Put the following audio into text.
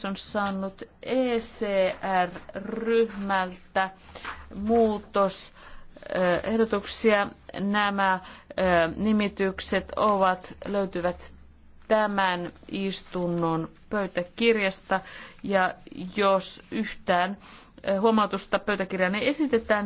se on saanut ECR-ryhmältä muutos ehdotuksia. Nämä nimitykset ovat, löytyvät tämän istunnon pöytäkirjasta ja jos yhtään huomautusta pöytäkirjaan ei esitetään,